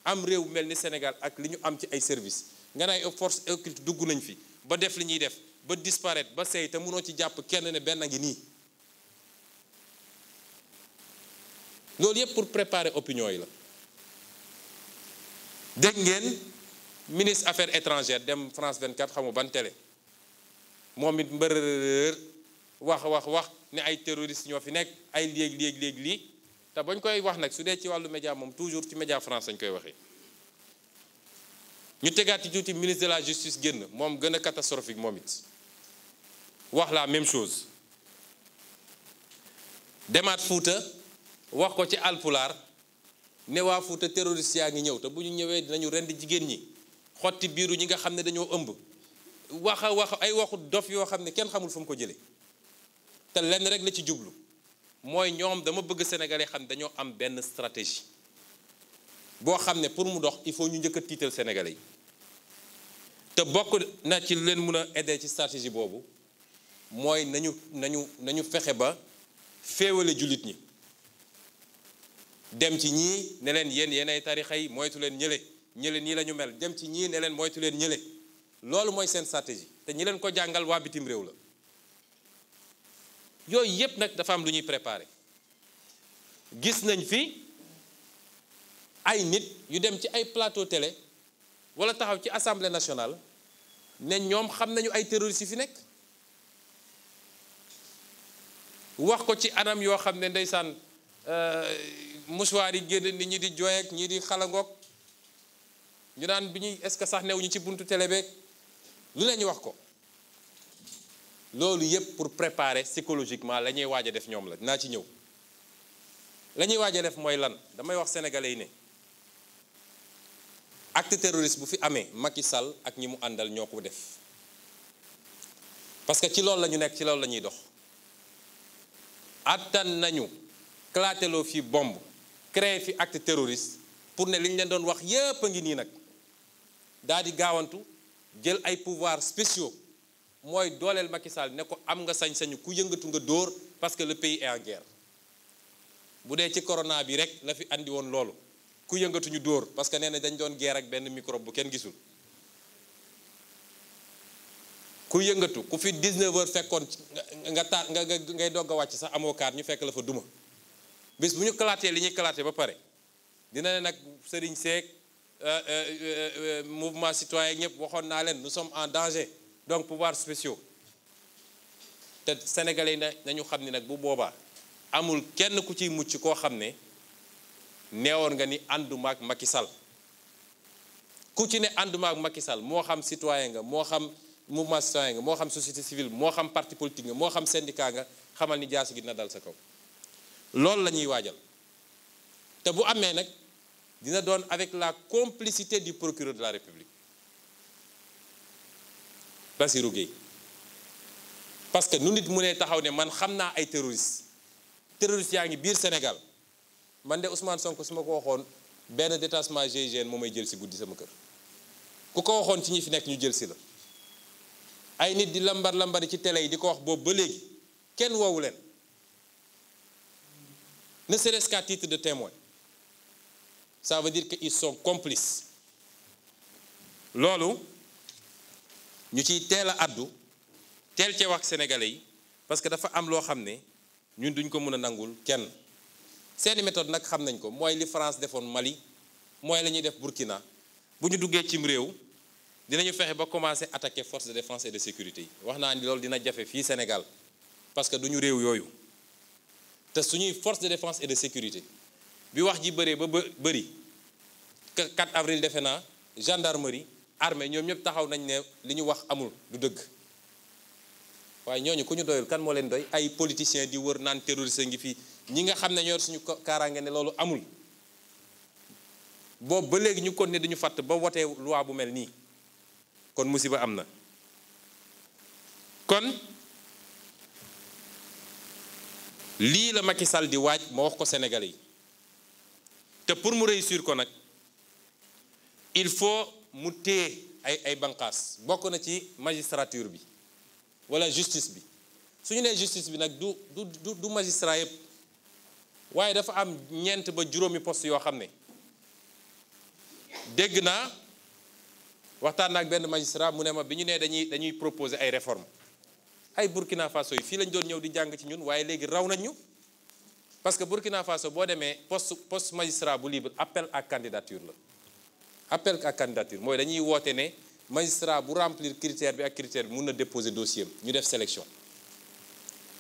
am réew mel ni Sénégal ak li ñu am ci ay service nga ne ay force occulte dugg nañ fi ba def li ñuy def ba disparaître ba sey te mënoo ci jàpp kenn ne benn ngi nii loolu yëpp pour préparer opinion yi la dégg ngeen ministre affaire étrangères dem France 24 xamu ban télé moom it mbërër wax wax wax ne ay terroristes ñoo fi nekk ay léeg léeg léeg lii te bañ koy wax nag su dee ci wàllu média moom toujours ci média France lañ koy waxee ñu tegaat ci tuuti ministre de la justice génn moom gën a catastrophique moom it wax laa même chose demaat Fuuta wax ko ci alpulaar ne waa Fuuta terroriste yaa ngi ñëw te bu ñu ñëwee dinañu rend jigéen ñi xotti biiru ñi nga xam ne dañoo ëmb wax a wax ay waxut dof yoo xam ne kenn xamul fu mu ko jëlee te lenn rek la ci jublu mooy ñoom dama bëgg sénégalais xam dañoo am benn stratégie boo xam ne pour mu dox il faut ñu njëkk a tiital sénégalais yi te bokk na ci leen mun a aider ci stratégie boobu mooy nañu nañu nañu fexe ba féewale jullit ñi dem ci ñii ne leen yéen yéen ay tarixa yi mooytu leen ñële ñële nii la ñu mel dem ci ñii ne leen moytu leen ñële loolu mooy seen stratégie te ñi leen ko jàngal waa bitim réew la yooyu yépp nag dafa am lu ñuy préparer gis nañ fi ay nit yu dem ci ay plateau télé wala taxaw ci assemblée nationale ne ñoom xam nañu ay terroristes yi fi nekk wax ko ci anam yoo xam ne ndeysaan euh, musuwaar yi génn nit ñi di jooyeeg ñii di xalangoog ñu naan bi ñuy est-ce que sax newuñu ci buntu télé beeg lu ne wax ko loolu yépp pour préparer psychologiquement la ñuy waaj a def ñoom la dinaa ci ñëw la ñuy waaj a def mooy lan damay wax sénégalais yi ne acte terroriste bu fi amee Macky Sall ak ñi mu àndal ñoo ko def parce que ci loolu la ñu nekk ci loolu lañuy dox attan nañu clateloo fii bomb créé fi acte terroriste pour ne li ñu leen doon wax yépp a ngi nii nag daal di gaawantu jël ay pouvoirs spéciaux mooy dooleel Macky Sall ne ko am nga sañ-sañu ku yëngatu nga dóor parce que le pays est en guerre bu dee ci corona bi rek la fi indi woon loolu ku yëngatu ñu dóor parce que nee na dañ doon guerre ak benn microbe bu kenn gisul ku yëngatu ku fi 19 heures fekkoon nga taat nga ngay dogg a wàcc sax amoo kaar ñu fekk la fa duma bis bu ñu kalaatee li ñuy kalaatee ba pare dina ne nag sëriñ Seck euh, euh, euh, mouvement citoyen ñëpp waxoon naa leen nous some en danger donc pouvoir spéciaux te sénégalais yi nañu xam ni nag bu boobaa amul kenn ku ciy mucc koo xam ne neewoon nga ni àndumaak ak Sall ku ci ne ànduma ak moo xam citoyen nga moo xam mouvement citoyen nga moo xam société civile moo xam parti politique nga moo xam syndicat nga xamal ni jaasi gi dina dal sa kaw loolu la ñuy waajal te bu amee nag dina doon avec la complicité du procureur de la République Bassirou Gueye parce que nu nit mu ne taxaw ne man xam naa ay terroristes terroristes yaa ngi biir Sénégal man de Ousmane Sonko su ma ko waxoon benn détachement GIGN moo may jël si guddi sama kër ku ko waxoon ci ñi fi nekk ñu jël si la ay nit di lambar lambari ci tele yi di ko wax boobu ba léegi kenn woowu leen ne serait-ce qu'à de témoin ça veut dire que ils loolu ñu ciy teel a addu teel cee wax sénégalais yi parce que dafa am loo xam ne ñun duñ ko mën a nangul kenn seeni méthode nag xam nañ ko mooy li France defoon Mali mooy la ñuy def Burkina bu ñu duggee cim réew dinañu fexe ba commencer attaquer forces de défense et de sécurité yi wax naa ni loolu dina jafe fii Sénégal parce que duñu réew yooyu te suñuy force de défense et de sécurité bi wax ji bëree ba bëri 4 avril defe naa gendarmerie armée ñoom ñëpp taxaw nañ ne li ñu wax amul du dëgg waaye ñooñu ku ñu doyul kan moo leen doy ay politiciens di wër naan terroriste ngi fii ñi nga xam ne ñoo suñu kaaraange ne loolu amul boobu ba léegi ñu kon ne dañu fàtt ba wotee loi bu mel nii kon musiba am na kon lii la Macky Sall di waaj ma wax ko Sénégalais yi te pour mu réussir ko nag il faut mu téye ay banqaas bokk na ci magistrature bi walla justice bi su ñu nee justice bi nag du du du magistrat yëpp waaye dafa am ñeent ba juróomi poste yoo xam ne dégg naa waxtaan naa ak benn magistrat mu ne ma bi ñu nee dañuy dañuy ay réformes ay Burkina Faso yi fii lañ doon ñëw di jàng ci ñun waaye léegi raw nañu ñu parce que Burkina Faso boo demee poste post magistrat bu libre appel à candidature la appel à candidature mooy dañuy woote ne magistrat bu remplir critère bi ak critère bi mun na déposer dossier ñu def sélection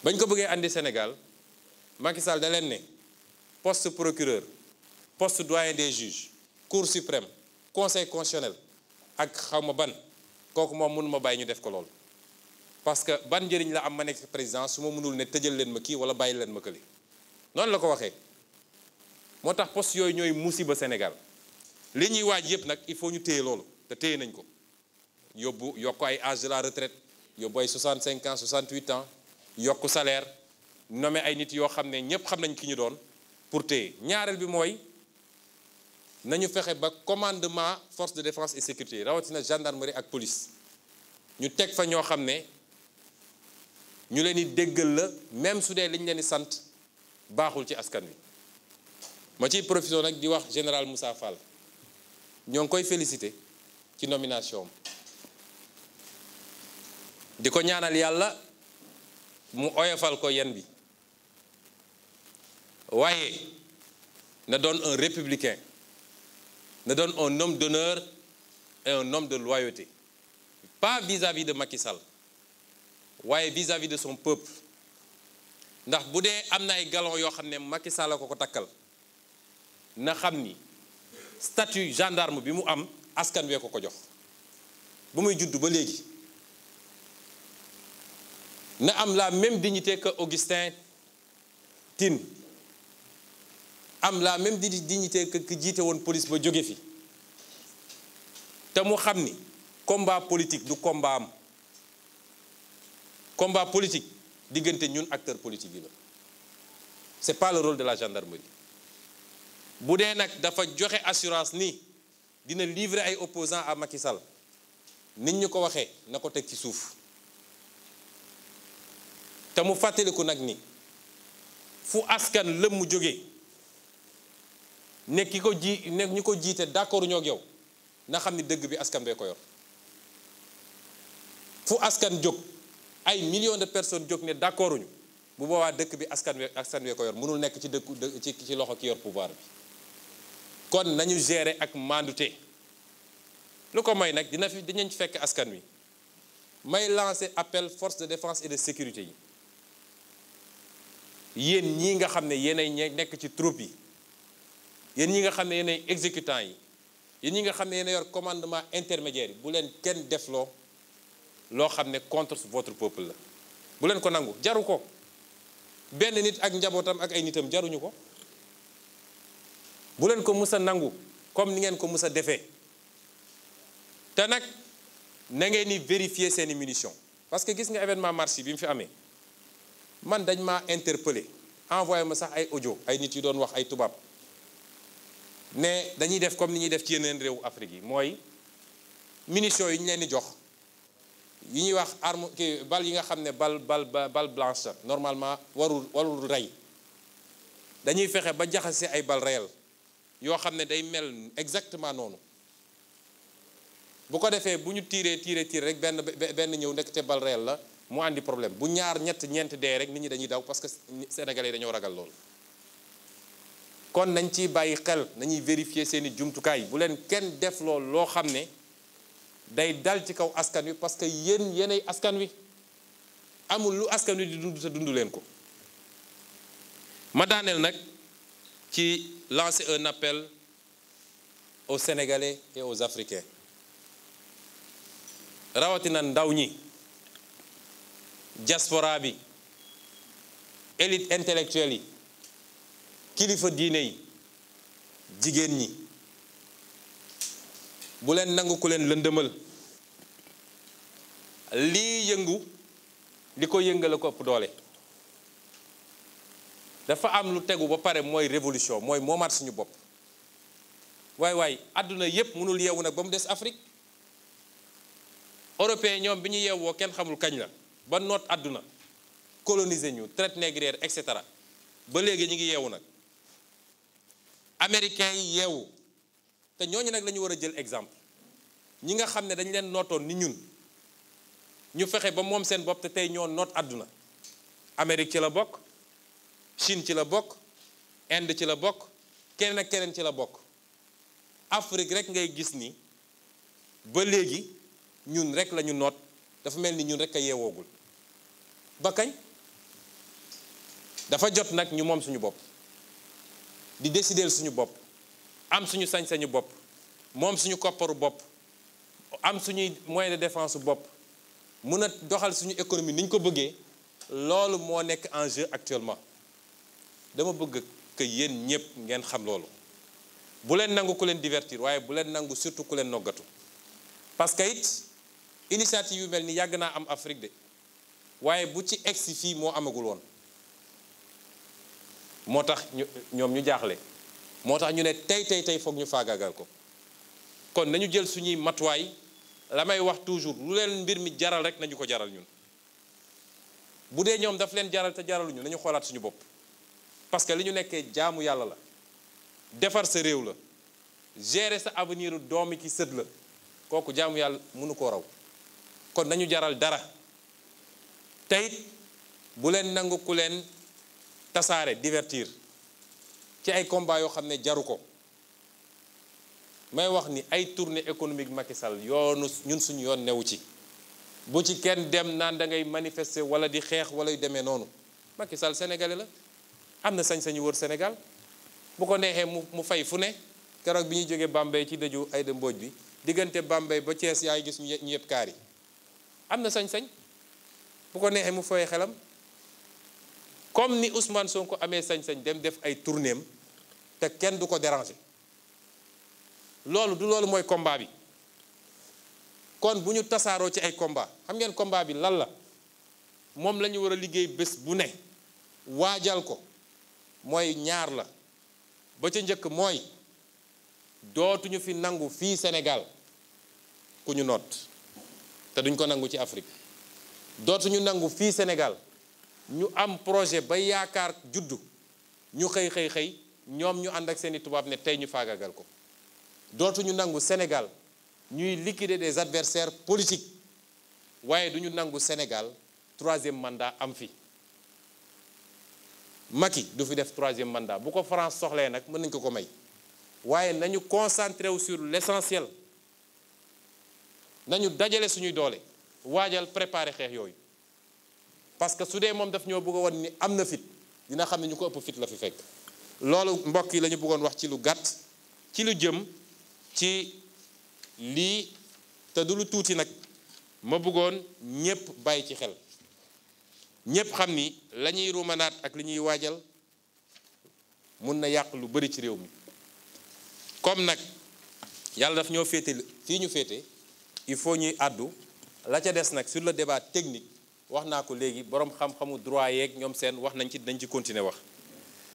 bañ ko bëggee andi Sénégal Macky Sall leen ne poste procureur poste doyen des juges cour suprême conseil constitutionnel ak xaw ma ban kooku moom mënuma bàyyi ñu def ko lool parce que ban njëriñ la am ma nekk président su ma mënul ne tëjal leen ma kii wala bàyyi leen ma kële noonu la ko waxee moo tax poste yooyu ñooy musiba Sénégal li ñuy waaj yëpp nag il faut ñu téye loolu te téye nañ ko yóbbu yokk ay âge de la retraite yóbbu ay 65 ans 68 ans yokk salaire nome ay nit yoo xam ne ñépp xam nañ ki ñu doon pour téye ñaareel bi mooy nañu fexe ba commandement force de défense et sécurité rawatina gendarmerie ak police ñu teg fa ñoo xam ne ñu leen di déggal la même su dee li ñu leen di sant baaxul ci askan wi ma ciy profité nag di wax général Moussa Fall ñoo ngi koy félicité ci nomination am di ko ñaanal yàlla mu oyofal ko yen bi waaye na doon un républicain na doon un nom d'honneur et un homme de loyauté pas vis-à-vis de Macky Sall waaye vis-à-vis de son peuple ndax bu dee am na ay galon yoo xam ne Macky Sall ko ko takkal na xam ni statut gendarme bi mu am askan wee ko ko jox bu muy judd ba léegi na am laa même dignité que Augustin Tine am la même dignité que ki jiite woon police ba jóge fi te mu xam ni combat politique du combat combat politique diggante ñun acteur politique yi la c'est pas le rôle de la gendarmerie bu dee nag dafa joxe assurance ni dina livrer ay opposants à Macky Sall nit ñu ko waxee na ko teg ci suuf te mu fàttaliku nag ni fu askan lëm mu jógee ne ko ji ne ñi ko jiite d'accord ñoo yow na xam ni dëgg bi askan bee ko yor fu askan jóg ay millions de personnes jóg ne d'accorduñu bu boobaa dëkk bi askan wi askan wi ko yor mënul nekk ci dëkku ci ci loxo ki yor pouvoir bi kon nañu gérer ak mandute lu ko may nag dina fi dinañ fekk askan wi may lancer appel force de défense et de sécurité yi yéen ñii nga xam ne yéenay nekk ci troupe yi yéen ñi nga xam ne yéenay exécutants yi yen ñi nga xam ne yéenay yor commandement intermédiaire bu leen kenn defloo loo xam ne contre votre peuple la bu leen ko nangu jaru ko benn nit ak njabootam ak ay nitam jaruñu ko bu leen ko mus a nangu comme ni ngeen ko mus a defee te nag na ngeen di vérifier seeni munition parce que gis nga événement marché bi mu fi amee man dañ ma interpellé envoyé ma sax ay audio ay nit yu doon wax ay tubaab ne dañuy def comme ni ñuy def ci yeneen réewu Afrique yi mooy munition yi ñu leen di jox yi ñuy wax arme kii bal yi nga xam ne bal bal bal blanche normalement warul warul rey dañuy fexe ba jaxase ay bal réel yoo xam ne day mel exactement noonu bu ko defee bu ñu tiiree tiiree tiiree rek benn benn ñëw nekk te bal réel la mu àndi problème bu ñaar ñett ñeent dee rek nit ñi dañuy daw parce que sénégalais dañoo ragal lool. kon nañ ci bàyyi xel nañuy vérifier seeni jumtukaay bu leen kenn def lool loo xam ne. day dal ci kaw askan wi parce que yéen yéenay askan wi amul lu askan wi di dund te dund leen ko ma daaneel nag ci lancer un appel au Sénégalais et aux rawatina ndaw ñi diaspora bi élite intellectuelle yi kilifa diine yi jigéen ñi bu leen nangu ku leen lëndëmal lii yëngu li ko yëngale ko ëpp doole dafa am lu tegu ba pare mooy révolution mooy moomaat suñu bopp waay waay àdduna yépp mënul yeewu nag ba mu des Afrique européen ñoom bi ñu yeewoo kenn xamul kañ la ba noot àdduna coloniser ñu traite négrière et cetera ba léegi ñu ngi yeewu nag américain yi yeewu te ñooñu nag lañu war a jël exemple ñi nga xam ne dañu leen nootoon ni ñun ñu fexe ba moom seen bopp te tey ñoo noot àdduna Amérique ci la bokk Chine ci la bokk Inde ci la bokk keneen ak keneen ci la bokk Afrique rekk ngay gis ni ba léegi ñun rek la ñu noot dafa mel ni ñun rekk a yeewoogul ba dafa jot nag ñu moom suñu bopp di décider suñu bopp am suñu sañ-sañu bopp moom suñu kopparu bopp am suñuy moyen de défense bopp mun a doxal suñu économie ni ñu ko bëggee loolu moo nekk en jeu actuellement dama bëgg que yéen ñëpp ngeen xam loolu bu leen nangu ku leen divertir waaye bu leen nangu surtout ku leen noggatu parce que it initiative yu mel ni yàgg naa am Afrique de waaye bu ci egsi fii moo amagul woon moo tax ñoom ñu jaaxle moo tax ñu ne tey tey tey foog ñu faagaagal ko kon nañu jël suñuy matuwaay la may wax toujours lu leen mbir mi jaral rek nañu ko jaral ñun bu dee ñoom daf leen jaral te jaraluñu nañu xoolaat suñu bopp parce que li ñu nekkee jaamu yàlla la defar sa réew la gérer sa avenir doomi ki sët la kooku jaamu yàlla mënu ko raw kon nañu jaral dara tey bu leen nangu ku leen tasaare divertir ci ay combat yoo xam ne jaru ko may wax ni ay tournée économique Macky Sall yoonu ñun suñu yoon newu ci bu ci kenn dem naan da ngay manifester wala di xeex wala yu demee noonu Macky Sall sénégalais la am na sañ-sañu wër senegal bu ko neexee mu mu fay fu ne keroog bi ñuy jógee Bambey ci dëju Aïda bi diggante Bambey ba Thiès yaay gis ñu yëpp kaar yi am na sañ-sañ bu ko neexee mu fay xelam comme ni soo ko amee sañ-sañ dem def ay tournéem te kenn du ko déranger loolu du loolu mooy combat bi kon bu ñu tasaaroo ci ay combat xam ngeen combat bi lan la moom lañu ñu war a liggéey bés bu ne waajal ko mooy ñaar la ba ca njëkk mooy dootuñu fi nangu fii senegal ku ñu noot te duñ ko nangu ci Afrique dootuñu nangu fii senegal ñu am projet ba yaakaar juddu ñu xëy xëy xëy ñoom ñu ànd ak seen tubaab ne tey ñu faagagal ko dootuñu nangu Sénégal ñuy liquider des adversaires politiques waaye duñu nangu Sénégal troisième mandat am fi Macky du fi def troisième mandat bu ko France soxlee nag mën nañ ko ko may waaye nañu concentré wu sur l'essentiel nañu dajale suñuy doole waajal préparer xeex yooyu parce que su dee moom daf ñoo bëgg a wan ni am na fit dina xam ne ñu ko ëpp fit la fi fekk loolu mbokk yi lañu ñu bëggoon wax ci lu gàtt ci lu jëm ci lii te du lu tuuti nag ma bëggoon ñépp bàyyi ci xel ñépp xam ni la ñuy ak li ñuy waajal mun na yàq lu bari ci réew mi comme nag yàlla daf ñoo féete fii ñu féete il faut ñuy àddu la ca des nag sur le débat technique wax naa ko léegi boroom xam-xamu droit yeeg ñoom seen wax nañ ci dañ ci continuer wax